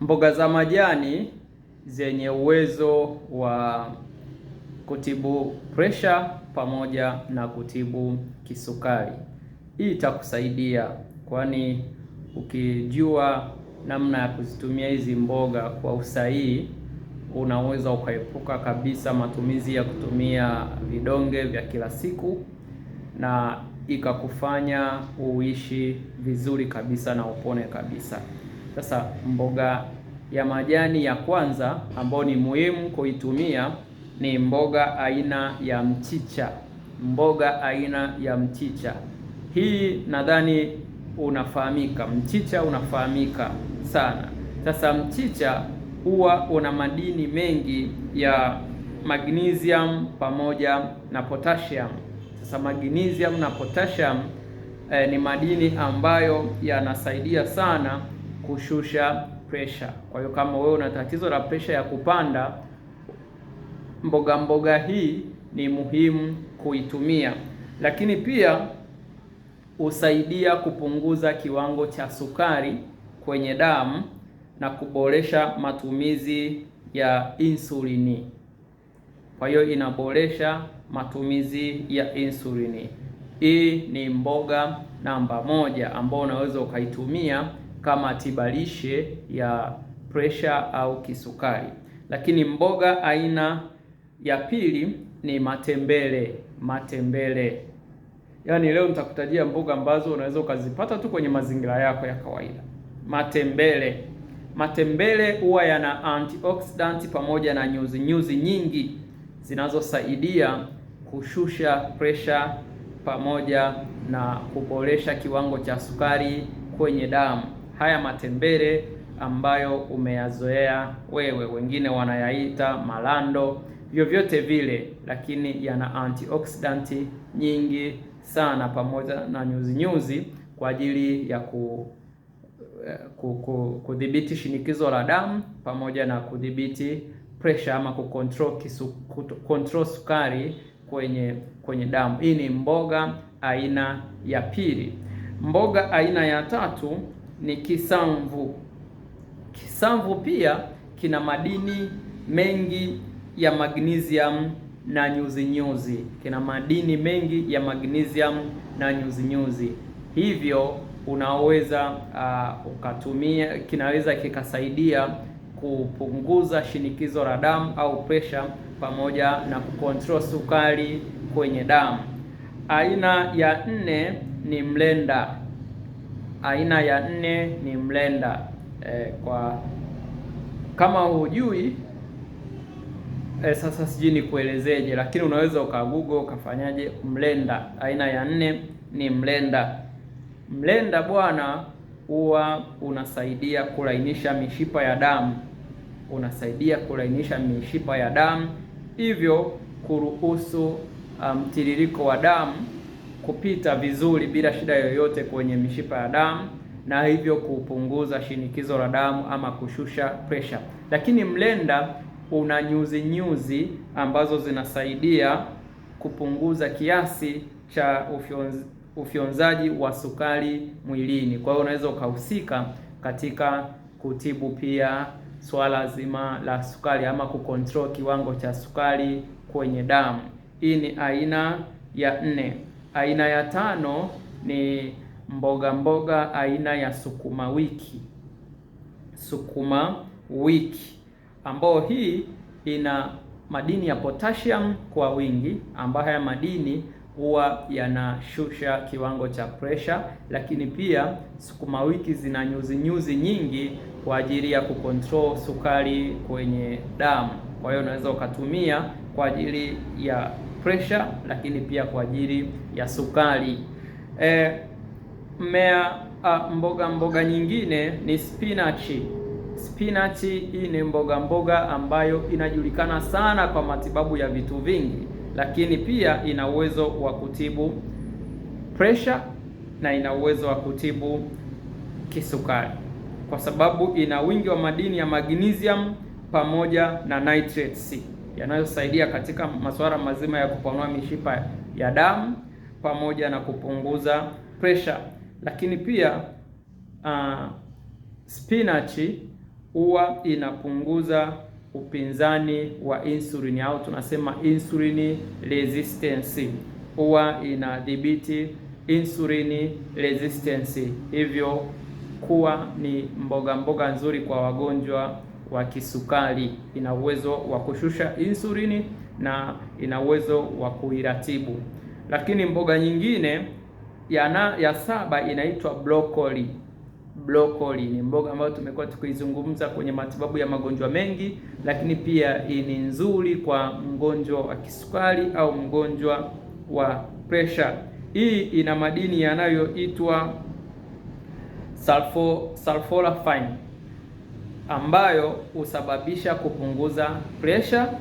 mboga za majani zenye uwezo wa kutibu presha pamoja na kutibu kisukari. Hii itakusaidia kwani ukijua namna ya kuzitumia hizi mboga kwa usahihi, unaweza ukaepuka kabisa matumizi ya kutumia vidonge vya kila siku na ikakufanya uishi vizuri kabisa na upone kabisa. Sasa mboga ya majani ya kwanza ambayo ni muhimu kuitumia ni mboga aina ya mchicha. Mboga aina ya mchicha hii nadhani unafahamika, mchicha unafahamika sana. Sasa mchicha huwa una madini mengi ya magnesium pamoja na potassium. Sasa magnesium na potassium eh, ni madini ambayo yanasaidia sana kushusha presha. Kwa hiyo kama wewe una tatizo la presha ya kupanda, mboga mboga hii ni muhimu kuitumia, lakini pia husaidia kupunguza kiwango cha sukari kwenye damu na kuboresha matumizi ya insulini. Kwa hiyo inaboresha matumizi ya insulini. Hii ni mboga namba moja ambayo unaweza ukaitumia kama tibalishe ya presha au kisukari. Lakini mboga aina ya pili ni matembele. Matembele yaani, leo nitakutajia mboga ambazo unaweza ukazipata tu kwenye mazingira yako ya kawaida. Matembele, matembele huwa yana antioxidant pamoja na nyuzi nyuzi nyingi zinazosaidia kushusha presha pamoja na kuboresha kiwango cha sukari kwenye damu haya matembele ambayo umeyazoea wewe, wengine wanayaita malando, vyovyote vile, lakini yana antioxidant nyingi sana pamoja na nyuzinyuzi kwa ajili ya ku eh, kudhibiti shinikizo la damu pamoja na kudhibiti pressure ama kucontrol kisu, control sukari kwenye kwenye damu. Hii ni mboga aina ya pili. Mboga aina ya tatu ni kisamvu. Kisamvu pia kina madini mengi ya magnesium na nyuzi, kina madini mengi ya magnesium na nyuzinyuzi, hivyo unaweza uh, ukatumia, kinaweza kikasaidia kupunguza shinikizo la damu au pressure pamoja na kucontrol sukari kwenye damu. Aina ya nne ni mlenda. Aina ya nne ni mlenda. E, kwa kama hujui e, sasa sijui nikuelezeje, lakini unaweza uka google ukafanyaje mlenda. Aina ya nne ni mlenda. Mlenda bwana, huwa unasaidia kulainisha mishipa ya damu, unasaidia kulainisha mishipa ya damu, hivyo kuruhusu ah, mtiririko um, wa damu kupita vizuri bila shida yoyote kwenye mishipa ya damu na hivyo kupunguza shinikizo la damu ama kushusha pressure. Lakini mlenda una nyuzi nyuzi ambazo zinasaidia kupunguza kiasi cha ufyonz, ufyonzaji wa sukari mwilini. Kwa hiyo unaweza ukahusika katika kutibu pia swala zima la sukari ama kukontrol kiwango cha sukari kwenye damu. Hii ni aina ya nne. Aina ya tano ni mboga mboga aina ya sukuma wiki, sukuma wiki ambayo hii ina madini ya potassium kwa wingi, ambayo haya madini huwa yanashusha kiwango cha pressure, lakini pia sukuma wiki zina nyuzi nyuzi nyingi kwa ajili ya kucontrol sukari kwenye damu. Kwa hiyo unaweza ukatumia kwa ajili ya pressure, lakini pia kwa ajili ya sukari. E, mmea a, mboga mboga nyingine ni spinach. Spinach hii ni mboga mboga ambayo inajulikana sana kwa matibabu ya vitu vingi, lakini pia ina uwezo wa kutibu pressure na ina uwezo wa kutibu kisukari kwa sababu ina wingi wa madini ya magnesium pamoja na nitrate C yanayosaidia katika masuala mazima ya kupanua mishipa ya damu pamoja na kupunguza presha. Lakini pia uh, ah, spinachi huwa inapunguza upinzani wa insulini au tunasema insulini resistance, huwa inadhibiti insulini resistance, hivyo kuwa ni mboga mboga nzuri kwa wagonjwa wa kisukari, ina uwezo wa kushusha insulini na ina uwezo wa kuiratibu. Lakini mboga nyingine ya, na, ya saba inaitwa brokoli. Brokoli ni mboga ambayo tumekuwa tukiizungumza kwenye matibabu ya magonjwa mengi, lakini pia ni nzuri kwa mgonjwa wa kisukari au mgonjwa wa presha. Hii ina madini yanayoitwa sulfo, sulforafine ambayo husababisha kupunguza presha,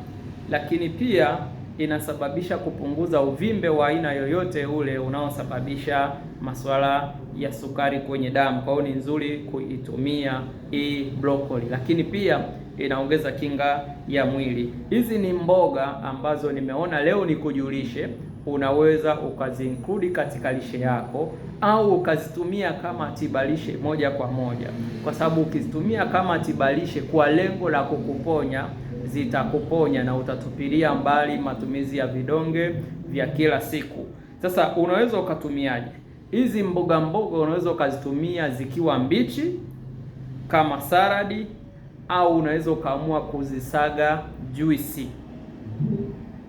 lakini pia inasababisha kupunguza uvimbe wa aina yoyote ule unaosababisha masuala ya sukari kwenye damu. Kwa hiyo ni nzuri kuitumia hii brokoli, lakini pia inaongeza kinga ya mwili. Hizi ni mboga ambazo nimeona leo nikujulishe unaweza ukaziinkludi katika lishe yako au ukazitumia kama tibalishe moja kwa moja, kwa sababu ukizitumia kama tibalishe kwa lengo la kukuponya zitakuponya na utatupilia mbali matumizi ya vidonge vya kila siku. Sasa unaweza ukatumiaje hizi mboga mboga? Unaweza ukazitumia zikiwa mbichi kama saladi, au unaweza ukaamua kuzisaga juisi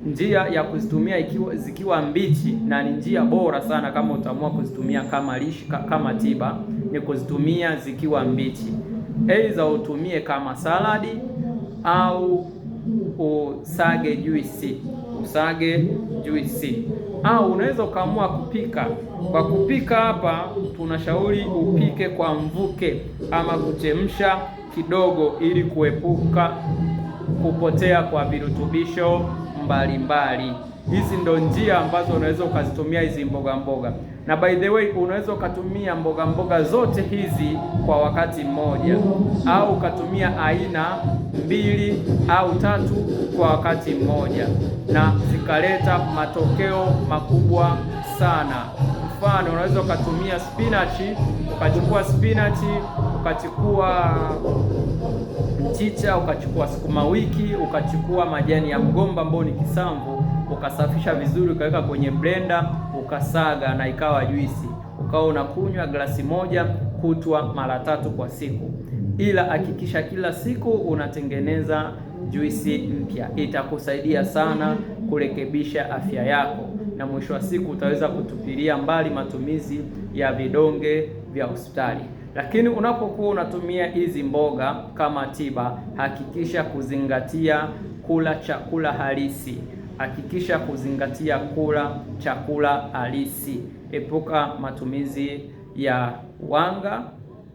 njia ya kuzitumia ikiwa, zikiwa mbichi na ni njia bora sana kama utaamua kuzitumia kama lishi, kama tiba ni kuzitumia zikiwa mbichi, aidha utumie kama saladi au usage juisi, usage juisi au unaweza ukaamua kupika. Kwa kupika hapa tunashauri upike kwa mvuke ama kuchemsha kidogo, ili kuepuka kupotea kwa virutubisho mbalimbali. Hizi ndo njia ambazo unaweza ukazitumia hizi mboga mboga, na by the way unaweza ukatumia mboga mboga zote hizi kwa wakati mmoja, au ukatumia aina mbili au tatu kwa wakati mmoja, na zikaleta matokeo makubwa sana. Mfano, unaweza ukatumia spinachi, ukachukua spinachi ukachukua mchicha, ukachukua sukuma wiki, ukachukua majani ya mgomba ambao ni kisamvu, ukasafisha vizuri, ukaweka kwenye blender, ukasaga na ikawa juisi, ukawa unakunywa glasi moja kutwa mara tatu kwa siku, ila hakikisha kila siku unatengeneza juisi mpya. Itakusaidia sana kurekebisha afya yako, na mwisho wa siku utaweza kutupilia mbali matumizi ya vidonge vya hospitali. Lakini unapokuwa unatumia hizi mboga kama tiba, hakikisha kuzingatia kula chakula halisi. Hakikisha kuzingatia kula chakula halisi. Epuka matumizi ya wanga,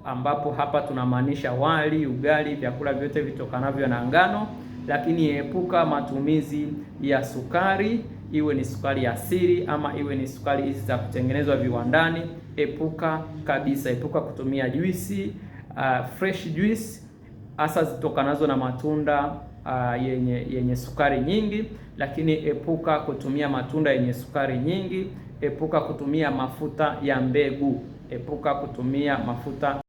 ambapo hapa tunamaanisha wali, ugali, vyakula vyote vitokanavyo na ngano. Lakini epuka matumizi ya sukari, iwe ni sukari asili ama iwe ni sukari hizi za kutengenezwa viwandani epuka kabisa, epuka kutumia juisi uh, fresh juice hasa zitokanazo na matunda uh, yenye yenye sukari nyingi, lakini epuka kutumia matunda yenye sukari nyingi, epuka kutumia mafuta ya mbegu, epuka kutumia mafuta